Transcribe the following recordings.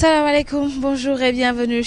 salaamaaleykum bonjour et bienvenue.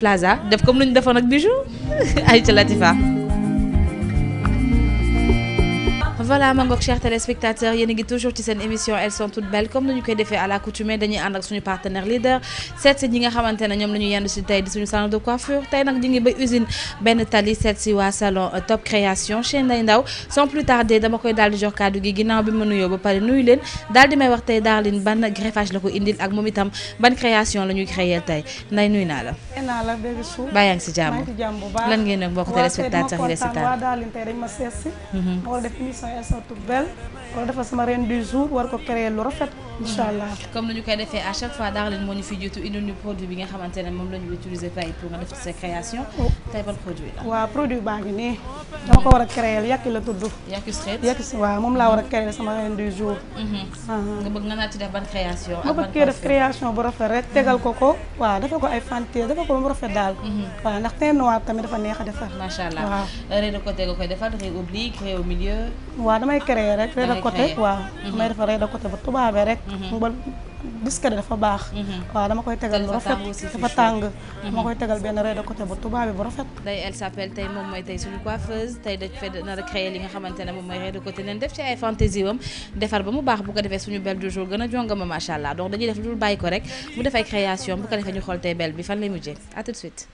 Plaza def comme lu ñu defoon ak bijou ay ca voilà ma ngoog chers téléspectateurs yéen a toujours ci seen émission elles sont toutes belles comme nañu koy defee à la coutumée dañuy ànd ak suñu partenaire leader seet si ñi nga xamante ne ñoom la ñu yendu si tey di suñu salon de coiffure tey nag ñu ngi ba usine benn tali seet si waa salon euh, top création chez Ndeye Ndaw sans plus tarder dama koy daal jox kàddu gi ginnaaw bi ma nuyoo ba pare nuyu leen daal di may wax tey Darline ban greffage la ko indil ak sa tur bel wala defal sama reine du jour war ko créer lu rafet incha allah comme nañu koy defee à chaque fois daax leen moo ñu fi jiitu indi ñu produit bi nga xamante ne moom la ñu utiliser tey pour nga def ci oh. a moom laa war a créer sama reine du jour mhm. uh-huh. nga bëgg nga naa ban création ma bëgg def création bu rafet rek tegal ko ko waaw dafa ko ay fantaisie dafa ko mu rafet daal mhm. waaw ndax teint noir tamit dafa neex a defar macha allah rez de côté nga koy defar rez oblique rez au milieu waaw rek rez de côté waaw mhm. damay defar rez de côté ba tubaabee rek mbal discret dafa baax mhm. waaw dama koy tegal lu rafet dafa tàng dama mhm. koy tegal benn rey de côté bu tubaab bu rafet day elle s'appelle tey moom mooy tey suñu coiffeuse tey daj fed nar créer li nga xamante ne moom mooy rey de côté nen def ci ay fantaisie defar ba mu baax bu ko defee suñu belle du jour gën a jongama macha allah donc dañuy def lu dul bàyyi ko rek mu def ay création bu ko defee ñu xool tey belle bi fan lay mujjee à tout de suite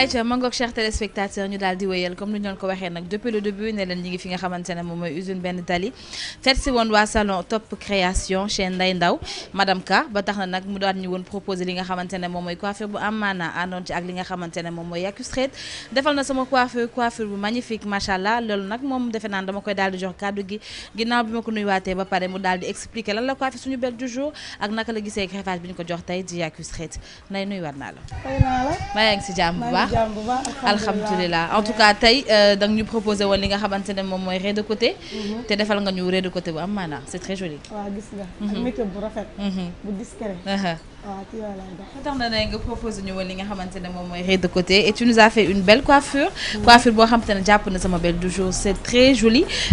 ayca mangoog chers téléspectateurs ñu daal di wéyal comme ni ñu ko waxee nag depuis le début ne leen ñi ngi fi nga xamante ne moom mooy usine benn tali fet woon waa salon top création chez Ndeye Ndaw madame Ka ba tax na nag mu daan ñu woon proposer li nga xamante ne moom mooy coiffure bu am maana àndoon ne moom mooy yakustrate defal na sama coiffure coiffure bu magnifique machallah loolu nag moom defe naan dama koy daal di jox kàddu gi ginnaaw bi ma ko nuyuwaatee ba pare mu daal di expliquer lan la coiffure suñu bi ko jox tey di yakustrate nay nuyuwaat naa la alhamdulilah en tout cas tey euh, danga ñu proposé woon li nga xamante ne moom mooy rez de côté. Mhm. te defal nga ñu rez de côté bu am maanaam c'est très joli. Mhm. Mhm. Uh-huh. na ne nga proposé ñu woon li nga xamante ne moom mooy rez de côté et tu nous as fait une belle coiffure. coiffure boo na sama belle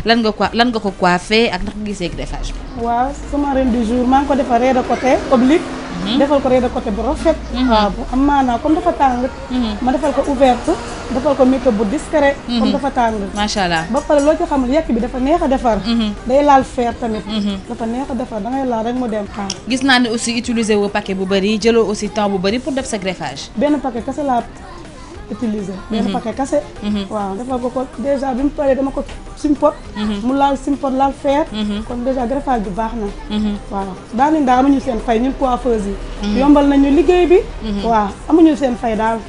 lan nga ko ko coiffé ak ndax gisee greffage bi. waaw sama reine du jour maa ngi ko defal rez de côté oblique. Mhm. defal ko rez côté bu rafet. waaw mhm. ah, bu am maanaa comme dafa tàng. Mhm. ma defal ko ouverte defal ko make-up bu discret. comme dafa tàng. macha allah ba pare loo ci xamul yàq bi dafa neex a defar. day laal fer tamit. dafa neex a defar da ngay laal rek mu dem temps. Ah. gis naa ne aussi utiliser wu paquet bu bëri jëloo aussi temps bu bëri pour def sa greffage. benn paquet kese laa utiliser. Mhm. Mhm. dafa ko kase. waaw defal ko ko déjà bi mu paree dama ko simpot. Mhm. mu laal simpot laal fer. kon déjà greffage bi baax na. waaw daanaka daal amuñu seen fay ñun coiffeuse yombal nañu liggéey bi. waaw amuñu seen fay daal.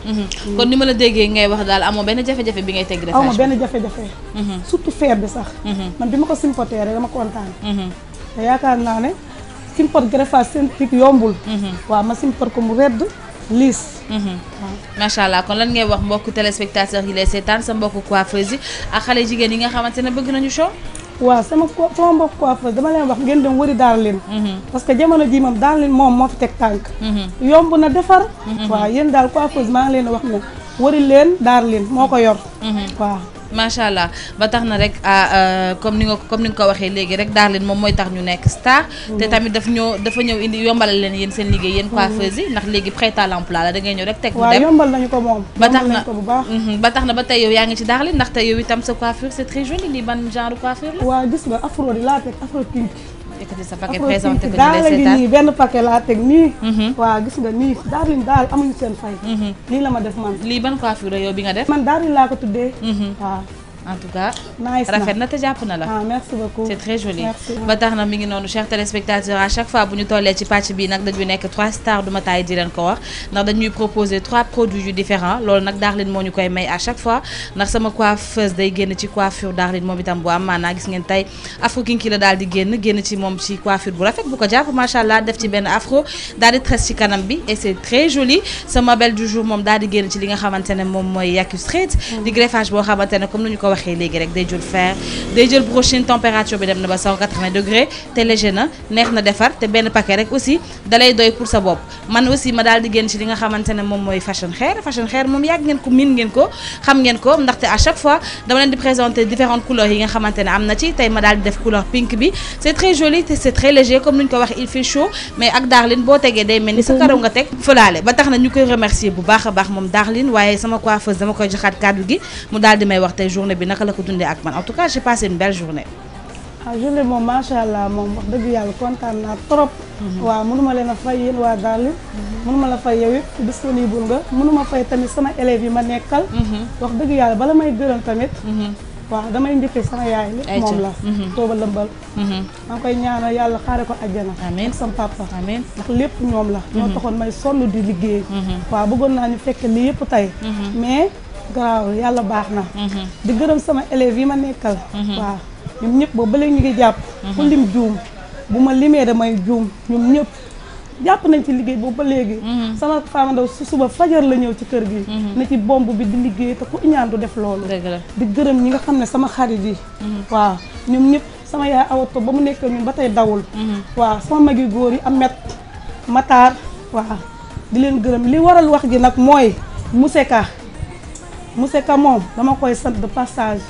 kon ni ma la déggee ngay wax daal amoo benn jafe-jafe bi ngay teg greffage bi. amoo benn jafe-jafe. surtout fer bi sax. man bi ma ko simpotee rek dama kontaan. te yaakaar naa ne simpot greffage seen pic yombul. waaw ma simpot ko mu redd. liis. macha mhm. allah kon lan ngay wax mbokk téléspectateurs yi lay seetaan sa mbokku coiffeuse yi ak xale jigéen yi nga xamante ne bëgg nañu show. waaw sama sama mbokk coiffeuse dama leen wax ngeen dem wëri daal leen mhm. parce que jamono ji moom daal leen moom moo fi teg tànk mhm. yomb na defar waaw yéen daal coiffeuse maa ngi leen a wax ne wëri leen daal moo ko yor waaw macha allah ba tax na rek ah, euh, comme ni nga comme ni nga ko waxee léegi rek Darlene moom mooy tax ñu nekk star. te mm-hmm. tamit daf ñëw dafa ñëw indi yombalal leen yéen seen liggéey yéen mm-hmm. coiffeuse yi ndax léegi prêt à l'emploi la da ngay ñëw rek teg mu dem waaw yombal nañu ko moom. ba tax na mm-hmm. ba tax na ba tey yow yaa ngi ci Darlene ndax tey yow itam sa coiffure c'est très joli ban genre coiffure la. waaw gis nga afro di laa teg afro pink yëkkati sa paquet présenté ko ñu lay seetaan nii benn paquet laa teg nii. Mhm. waaw gis nga nii daarin daal amuñu seen fay. nii mhm. la ma def man. lii ban coiffure yow bi nga def. man daarin laa ko tuddee. Mhm. waaw. en tout rafet na te jàpp na la. Ah, c'est très joli. ba tax na mi ngi noonu chers téléspectateurs à chaque fois bu ñu tollee ci pàcc bi nag dañu nekk trois stars du ma di leen ko wax ndax dañuy proposer trois produits yu différents loolu nag Darlene moo ñu koy may à chaque fois ndax sama coiffeuse day génn ci coiffure Darlene moom itam bu am maanaa gis ngeen tey afro kinki la daal di génn génn ci moom ci coiffure bu rafet bu ko jàpp macha allah def ci benn waxee léegi rek day jël fer day jël brochine température bi dem na ba te léger na neex na defar te benn paquet rek aussi dalay doy pour sa bopp man aussi ma daal di génn ci li nga xamante moom mooy fashion hair fashion hair moom yàgg ngeen ko miin ngeen ko xam ngeen ko ndaxte à chaque fois dama leen di présenter différentes couleurs yi nga xamante am na ci tey ma daal di def couleur pink bi c'est très joli c'est très léger comme ni ñu ko wax il bi naka la ko dundee ak man en tout cas j'ai passé une belle journée. ah journée moom macha allah moom wax dëgg yàlla kontaan naa trop. Mhm. waaw mënuma leen a fay yéen waa Darlin. Mhm. mënuma la fay yow it disponible nga. mënuma fay tamit sama élèves yi ma nekkal. Mhm. wax dëgg yàlla bala may gërëm tamit. waaw damay njëkkee sama yaay lépp moom la tooba lëmbal maa ngi koy ñaanal yàlla xaare ko àjjana amiin sama papa amiin ndax lépp ñoom la ñoo taxoon may sonn di liggéey waaw bëggoon naa ñu fekk lii yëpp tey mais garaawul yàlla baax na mhm. di gërëm sama élèves yi ma nekkal mhm. waaw ñoom ñëpp boobu ba léegi ñu ngi jàpp mhm. ku lim juum bu ma limee damay juum ñoom ñëpp jàpp nañ ci liggéey boobu ba léegi sama femme ndaw su suba fajar la ñëw ci kër gi ne ci bomb bi di liggéey te ku iñaan du def loolu di gërëm ñi nga xam ne sama xarit yi waaw ñoom ñëpp sama yaay awato ba mu nekk ñun ba tey dawul waaw sama magi góor yi amet mataar waaw di leen gërëm li waral wax ji nag mooy museka monsieur Ka moom dama koy sant de passage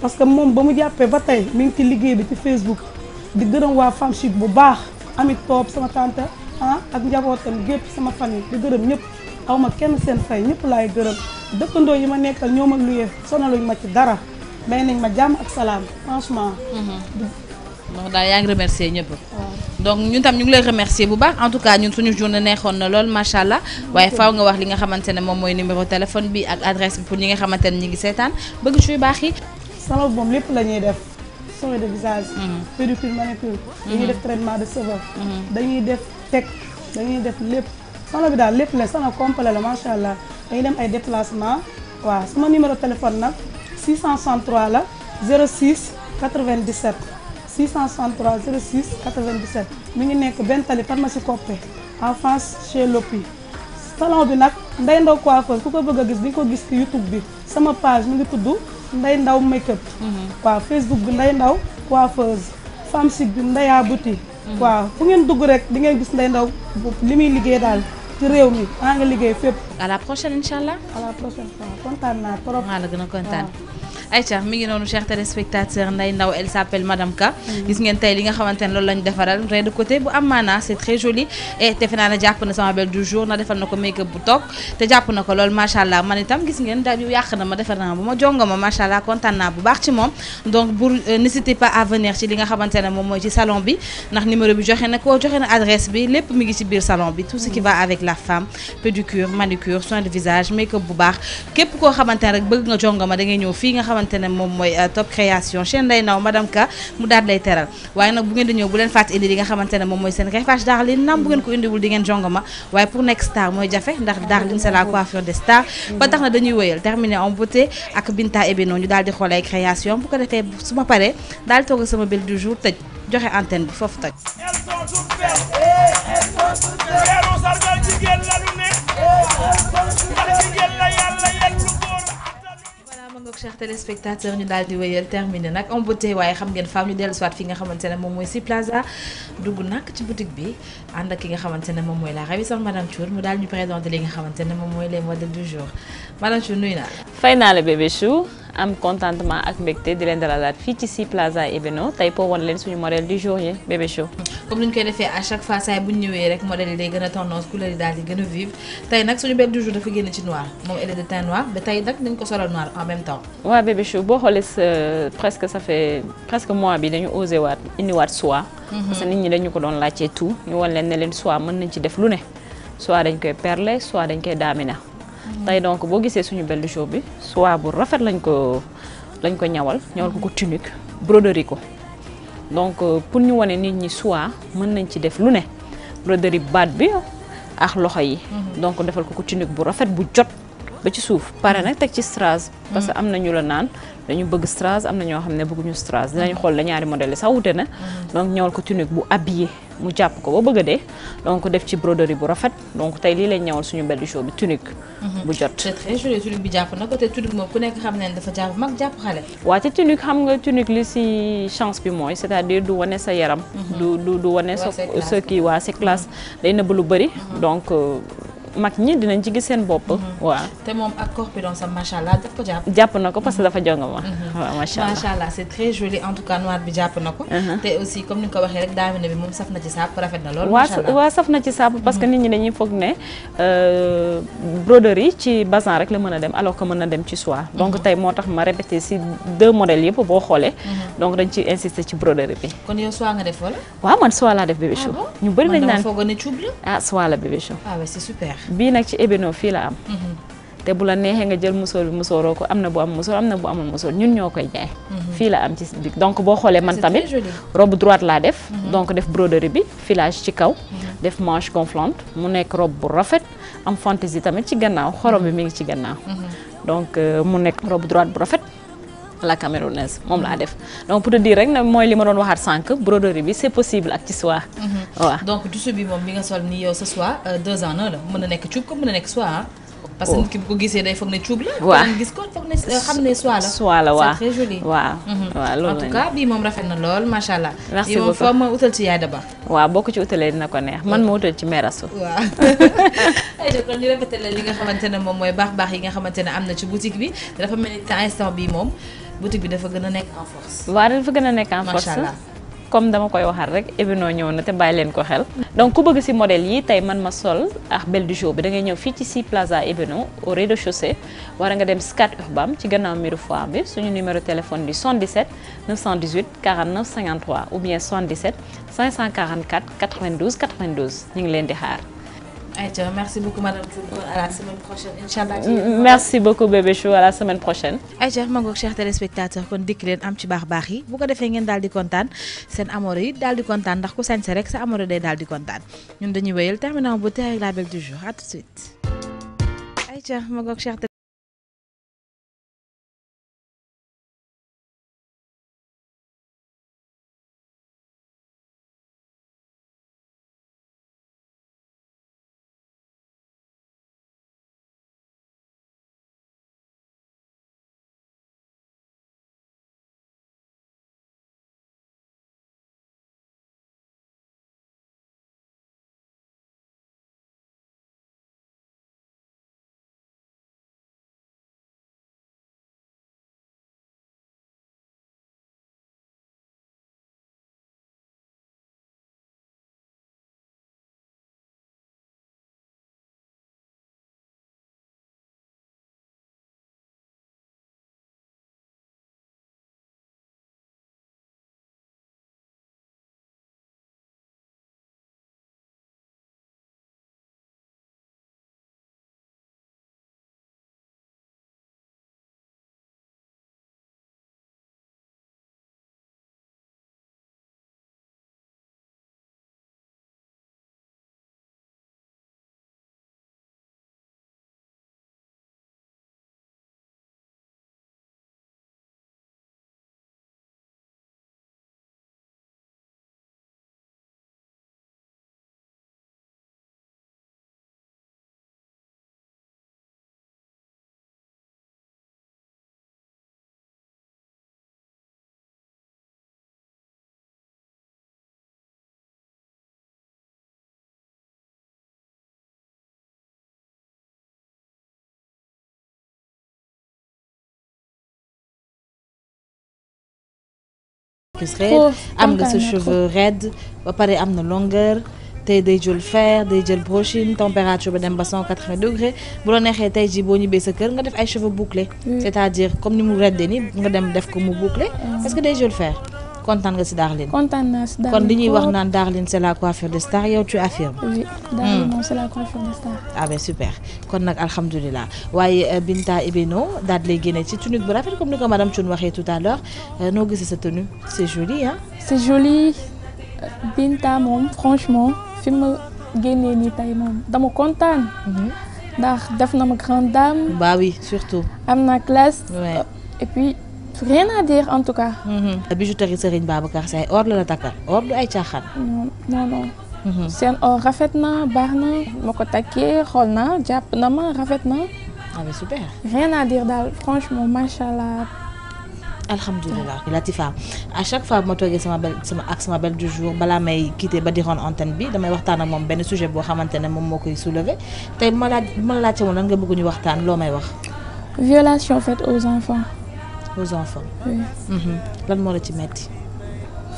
parce que moom ba mu jàppee ba tey mi ngi ci liggéey bi ci Facebook di gërëm waa Femme Chic bu baax amit toob sama tante ah ak njabootam gépp sama yi di gërëm ñëpp aw ma kenn seen fay ñëpp laay gërëm dëkkandoo yi ma nekkal ñoo ma luyee sonaluñ ma ci dara may nañ ma jàmm ak salaam franchement. Mm-hmm. donc daal yaa ngi remercier ñëpp. donc ñun tam ñu ngi lay remercier bu baax en tout cas ñun suñu journée neexoon na lool macha allah waaye faaw nga wax li nga xamante ne moom mooy numéro téléphone bi ak adresse bi pour ñi nga xamante ne ñu ngi seetaan bëgg suy baax yi. sama moom lépp la ñuy def. soin de visage. Mm-hmm. pédicure manucure. Mm-hmm. dañuy def traitement de cheveux. Mm-hmm. dañuy def teg dañuy def lépp salon bi daal lépp la sama complet la macha allah dañuy dem ay déplacement waaw sama numéro téléphone nag 663 la 06 97. 663 06 97 mi ngi nekk benn tali pharmacie Coppé en face chez salon bi nag Ndeye Ndaw coiffeuse ku ko bëgg a gis di nga ko gis ci YouTube bi sama page mu ngi tudd nday Ndaw Makeup. Mhm. waaw Facebook bi Ndeye Ndaw coiffeuse femme chic bi Ndeya Bouti. Mhm. waaw fu ngeen dugg rek di ngeen gis nday Ndaw li muy liggéey daal. ci réew mi maa ngi liggéey fépp. à la prochaine incha allah. à la prochaine kontaan naa trop. maa la gën a kontaan. Aïcha mi ngi noonu chers téléspectateurs Ndeye Ndaw elle s'appelle Madame Ka mm. gis ngeen tey li nga xamante ne loolu lañu defaral raie côté bu am maanaa c'est très joli et defe naa ne jàpp na sama belle du jour na defal na ko make-up bu toog te jàpp na ko loolu macha allah man itam gis ngeen daal yàq na ma defar na ma bu ma jonga ma macha kontaan naa bu baax ci moom donc pour euh, n'hésitez pas à venir ci li nga xamante ne moom mooy ci salon bi ndax numéro bi joxe na ko joxe na adresse bi lépp mi ngi ci biir bi tout ce mm. képp koo xamante ne rek bëgg nga jonga ma da ngay xamante ne moom mooy euh, top création chaîne lay naw madame Ka mu daal lay teral waaye nag bu ngeen di ñëw bu leen fàtte indi li nga xamante ne moom mooy seen greffage Darling naam bu ngeen ko indiwul di ngeen jongoma waaye pour nekk star mooy jafe ndax Darling c'est la coiffure des stars ba tax na dañuy wëyal terminé en beauté ak Binta Ebeno ñu daal di xool création bu ko defee su ma paree daal di togg sama belle du jour tëj joxe antenne bi foofu toj téléspectateurs ñu daal di wéyal terminé nag embouteillage waaye xam ngeen faaw ñu fi nga xamante ne moom mooy si plaza dugg nag ci boutique bi ànd ak ki nga xamante ne moom mooy la ravissante madame Thiour mu daal ñu présenté li nga xamante ne moom mooy les modèles du jour madame Thiour nuyu naa la. fay naa la bébé Chou. am contentement ak mbégte di leen dalalaat fii ci si Plaza Ebeno tey pour wan leen suñu modèle du jour yi bébé show. comme ni ñu koy defee à chaque fois saa bu ñu ñëwee rek modèle yi day gën a tendance couleur yi daal di gën a vive tey nag suñu belle du jour dafa génn ci noir moom elle de teint noir ba tey nag dañ ko solal noir en même temps. waaw bébé show boo xoolee sa presque ça fait presque mois bi dañu osé waat indiwaat soie. Mhm. parce que nit ñi dañu ko doon laajtee tout ñu wan leen leen soie mën nañ ci def lu ne. soit dañ koy perler soit dañ koy daamina tey donc boo gisee suñu belle show bi soit bu rafet lañ ko lañ ko ñawal ñawal ko ko tunique broderie ko donc euh, pour ñu wane nit ñi soit mën nañ ci def lu ne broderie baat bi ak loxo yi mhm. donc defal ko ko tunique bu rafet bu jot ba ci suuf pare nag teg ci strass parce que am na ñu la naan dañu bëgg strass am na ñoo xam ne bëgguñu strass dinañu xool la ñaari modèle yi sax wute na donc ñëwal ko tunique bu habillé mu jàpp ko ba bëgg a dee donc def ci broderie bu rafet donc tey lii lañ ñëwal suñu belle show bi tunique mhm. bu jot c'est bi jàpp na ko te tunique moom ku nekk xam ne dafa jàpp mag jàpp xale waa te tunique xam nga tunique li si chance bi mooy c'est-à-dire du wane sa yaram mhm. du du du wane sa sa kii waa sa classe mhm. day nëbb lu bëri donc euh, mag ñi dinañ ci gis seen bopp. Mhm. waaw te moom ak corpulence am macha allah ko jàpp. jàpp na ko parce que dafa jonga ma. Mhm. waaw macha allah macha allah c'est très joli en tout cas noir bi jàpp na ko. Uh-huh. te aussi comme ni nga que mhm. nit ñi euh, ci bazin rek la mën a dem alors mën na dem ci soie. donc tey moo tax ma répété si deux modèles yëpp boo xoolee. donc dañ ci insister ci broderie bi. kon yow soie man soie laa def bébé chou. Ah ñu bëri nañ naan ah soie la bébé ah chou. bii nag ci ébéno fii la am mhm. te bu la neexee nga jël musóor bi musóoroo ko am na bu am musóor am na bu amul musóor ñun ñoo koy jaay mhm. fii la am ci di donc boo xoolee man tamit robe droite laa def mhm. donc def broderie bi filage ci kaw def manche gonflante mu nekk rob bu rafet am fantaisie tamit ci gannaaw xorom bi mi ngi ci gannaaw donc euh, mu nekk robe droite bu rafet à la camerounaise moom laa def donc pour te dire rek na mooy li ma doon waxaat sànq broderie bi c'est possible ak ci soie. Mm-hmm. donc tissu bi moom bi nga sol nii yow sa soie euh, deux ans na la mën na nekk cuub comme mën na nekk soie parce que oh. nit ki ko gisee day foog ne cuub la. waaw euh, mm-hmm. boo ko ci utalee dina ko neex man ma utal ci mère Asou. waaw ayca kon ñu li nga xamante ne moom mooy baax baax yi nga xamante ne am na ci boutique bi dafa mel ni temps instant moom. boutique bi dafa gën a nekk en force. waaw dafa gën a nekk en force comme dama koy waxal rek Ebino ñëw na te bàyyi leen ko xel. donc ku bëgg ci modèle yi tey man ma sol ak belle du jour bi da ñëw fii ci si plaza Ebino au rez-de-chaussée war nga dem Scat Urbam ci gannaaw miiru foire bi suñu numéro téléphone di 77 918 49 53 ou bien 77 544 92 92 ñu ngi leen di xaar. Aïcha merci beaucoup madame Diouf à la semaine prochaine inchallah merci beaucoup bébé chou à la semaine prochaine. Aïcha ma ngoog chers téléspectateurs kon dikk leen am ci baax baax yi bu ko defee ngeen daal di kontaan seen amour yi daal di kontaan ndax ku sañse rek sa amour day daal di kontaan ñun dañuy wéyal terminal beauté avec la belle du jour à tout de suite. plus raide am nga sa cheveux raide ba pare am na longueur te day jël fer day jël brochine température ba dem ba 180 degrés bu la neexee tey jii boo ñibbee sa kër nga def ay cheveux bouclés. Mm. c'est-à-dire comme ni mu redde ni nga dem def ko mu bouclé parce mm. que day jël fer kontaan nga si Darlene. kontaan naa si Darlene kon li ñuy wax naan Darlene c'est la coiffure des stars yow tu affirmes. oui Darlene moom c'est la coiffure des stars. ah ben super kon nag alhamdulilah waaye euh, Binta Ebeno daal di lay génne ci tunique bu rafet comme ni ko madame Thioune waxee tout à l'heure euh, noo gisee sa tenue c'est joli ah. c'est joli Binta moom franchement fi ma génnee nii tey moom dama kontaan. Mhm. ndax def na ma grande dame. bah oui surtout. am na classe. et puis. rien à dire en tout cas. Mhm. bijouterie Serigne Babacar Sy or la la takkal or du ay caaxaan. Mhm. seen or rafet na baax na ma ko takkee xool na jàpp na ma rafet na. ah mais super. rien à dire daal franchement macha allah. alhamdulilah Latifa à chaque fois bu ma toogee sama belle ak sama belle du jour balaa may quitté ba di ron antenne bi damay waxtaan ak moom benn sujet boo xamante ne moom moo koy soulever tey bu ma laa bu ma laajte woon nga bëgg ñu waxtaan loo may wax. violation faite aux enfants. aux enfants. Mhm. lan moo la ci metti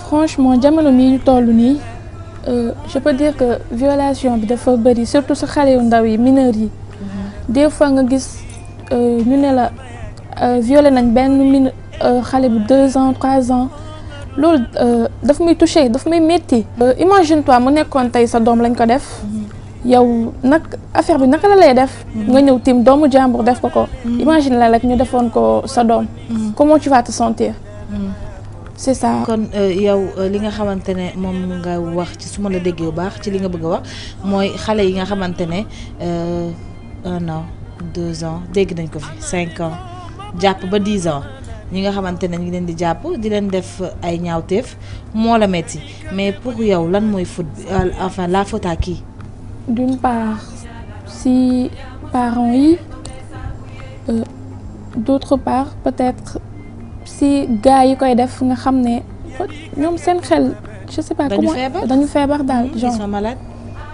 franchement jamono mii ñu toll nii euh, je peut dire que violation bi dafa bëri surtout sa xale yu ndaw yi mineurs yi. Mhm. des fois nga gis euh, ñu ne la euh, violé nañ benn min xale bi deux ans trois ans loolu daf muy touché daf may métti. imagine toi mu nekkoon tey sa doom lañ ko def. Mhm. yow nag affaire bi naka la lay def. Mm. nga ñëw tiim doomu jàmbur def ko ko. Mm. imagine la rek ñu defoon ko sa doom. Mm. comment ci vas te sentir. c'est ça kon euh, yow euh, li nga xamante ne moom nga wax ci su ma la déggee bu baax ci li nga bëgg a wax mooy xale yi nga xamante ne euh, un an deux ans dégg nañ ko fi cinq ans jàpp ba dix ans ñi nga xamante ne ñu leen di jàpp di leen def ay ñaawteef moo la metti mais pour yow lan mooy faute bi enfin la faute kii d'une part si parents yi euh, d'autre part peut-être si gars yi koy def nga xam ne ñoom seen xel je sais pas comment dañu feebar daal genre ils sont malades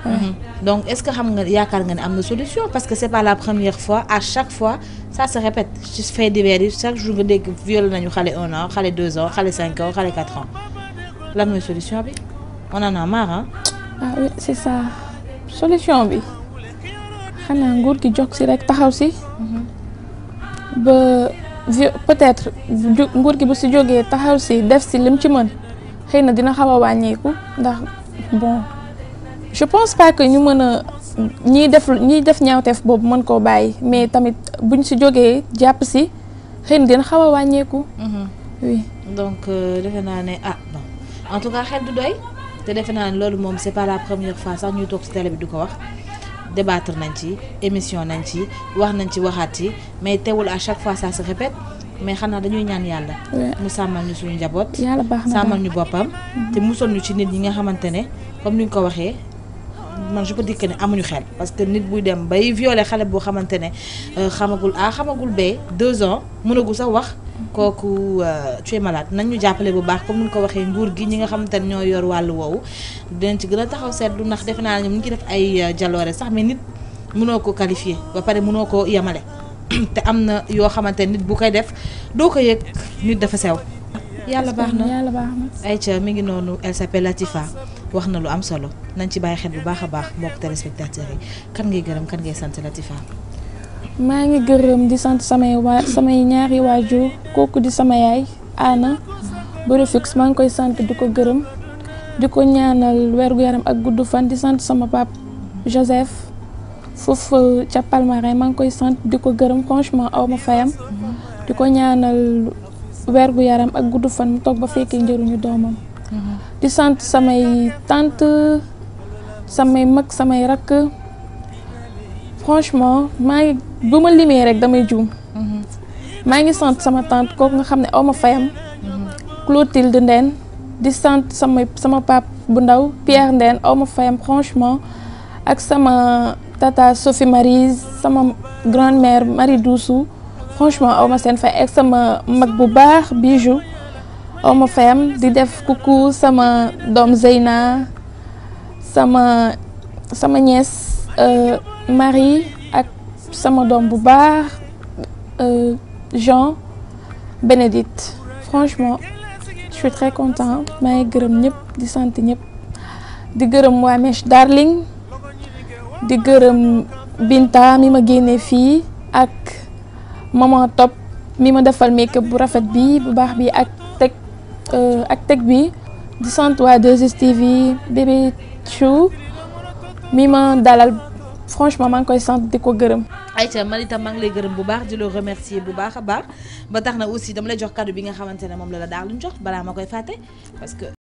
ouais. Mhm. donc est-ce que xam nga yaakaar nga ne am na solution parce que c'est pas la première fois à chaque fois ça se répète ci fait divers chaque jour nga dégg viol nañu xale un an xale deux ans xale cinq ans xale quatre ans lan mooy solution bi on en a marre ah oui c'est ça solution bi xanaa nguur gi jóg si rek taxaw si ba peut-être nguur gi bu si jógee taxaw si def si lim ci mën xëy na dina xaw a wàññeeku ndax bon je pense pas que ñu mën a ñiy def ñiy def ñaawteef boobu mën koo bàyyi mais tamit buñ si jógee jàpp si xëy na dina xaw a wàññeeku. Mm-hmm. oui donc euh, defe naa ne ah en tout cas xel du doy. te defe naa ne loolu moom c'est pas la première fois sax ñuy toog ci télé bi di ko wax débattre nañ ci émission nañ ci wax nañ ci waxaat yi mais teewul à chaque fois ça se répète mais xanaa dañuy ñaan yàlla. mu sàmmal ñu suñu njaboot. yàlla sàmmal ñu boppam. te musal ñu ci nit ñi nga xamante ne comme ni ñu ko waxee. man je peux dire que ne amuñu xel parce que nit buy dem bay violer xale boo xamante ne euh, xamagul ah xamagul B deux ans mënagul sax wax kooku euh, tu es nañ ñu jàppale bu baax comme ni ko waxee nguur gi ñi nga xamante ne ñoo yor wàllu woowu dinañ ci gën a taxaw seetlu ndax defe naa ñoom ñu ngi def ay euh, jaloore sax mais nit munoo ko qualifier ba pare munoo ko yemale te am na yoo xamante nit bu koy def doo ko yëg nit dafa sew. yàlla baax na yàlla baax na. Aïcha mi ngi noonu elle s'appelle Latifa wax na lu am solo nañ ci bàyyi xel bu baax a baax mbokk téléspectateur yi kan ngay gërëm kan ngay sant Latifa. maa ngi gërëm di sant samay waa samay ñaari waajur kooku di sama yaay Anna Borofix maa ngi koy sant di ko gërëm di ko ñaanal wergu yaram ak gudd fan di sant sama pap Joseph foofu ca Palmarin maa ngi koy sant di ko gërëm franchement aw ma fayam di ko ñaanal. weer gu yaram ak gudd fan mu toog ba fekkee njëriñu doomam. di sant samay tante samay mag samay rakk franchement maa ngi bu ma limee rek damay juum. maa ngi sant sama tante kooku nga xam ne aw ma fayam. Clotilde Ndène di sant sama sama pap bu ndaw Pierre Ndène aw ma fayam franchement ak sama tata Sophie Marie sama grand-mère Marie Doussou. franchement ma seen fay ak sama mag bu baax bijou aw ma fayam di def coucou sama doom Zeyna sama sama nièce euh, Marie ak sama doom bu baax euh, Jean Bénédicte franchement je suis très content maa ngi gërëm ñëpp di sant ñëpp di gërëm waa Mèche Darling di gërëm Binta mi ma génnee fii ak maman top mi ma defal make bu rafet bi bu baax bi ak teg euh, ak teg bi di sant waa 2STV bébé Chou mi ma dalal franchement maa ngi koy sant di ko gërëm. Aïcha man itam maa ngi lay gërëm bu baax di la remercier bu baax a baax ba tax na aussi dama lay jox kàddu bi nga xamante ne moom la la daal di jox balaa ma koy fàtte parce que.